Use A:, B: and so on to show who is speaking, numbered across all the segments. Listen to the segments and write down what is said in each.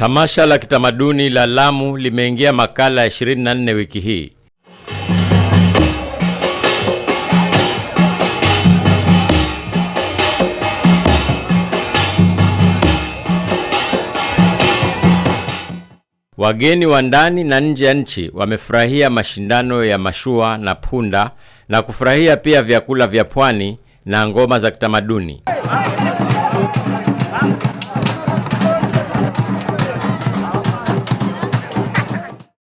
A: Tamasha la kitamaduni la Lamu limeingia makala ya 24 wiki hii. Wageni wa ndani na nje ya nchi wamefurahia mashindano ya mashua na punda na kufurahia pia vyakula vya pwani na ngoma za kitamaduni.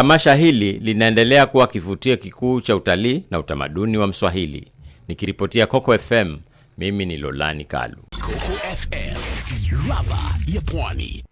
A: Tamasha hili linaendelea kuwa kivutio kikuu cha utalii na utamaduni wa Mswahili. Nikiripotia Coco FM, mimi ni Lolani Kalu, Coco FM, ladha ya Pwani.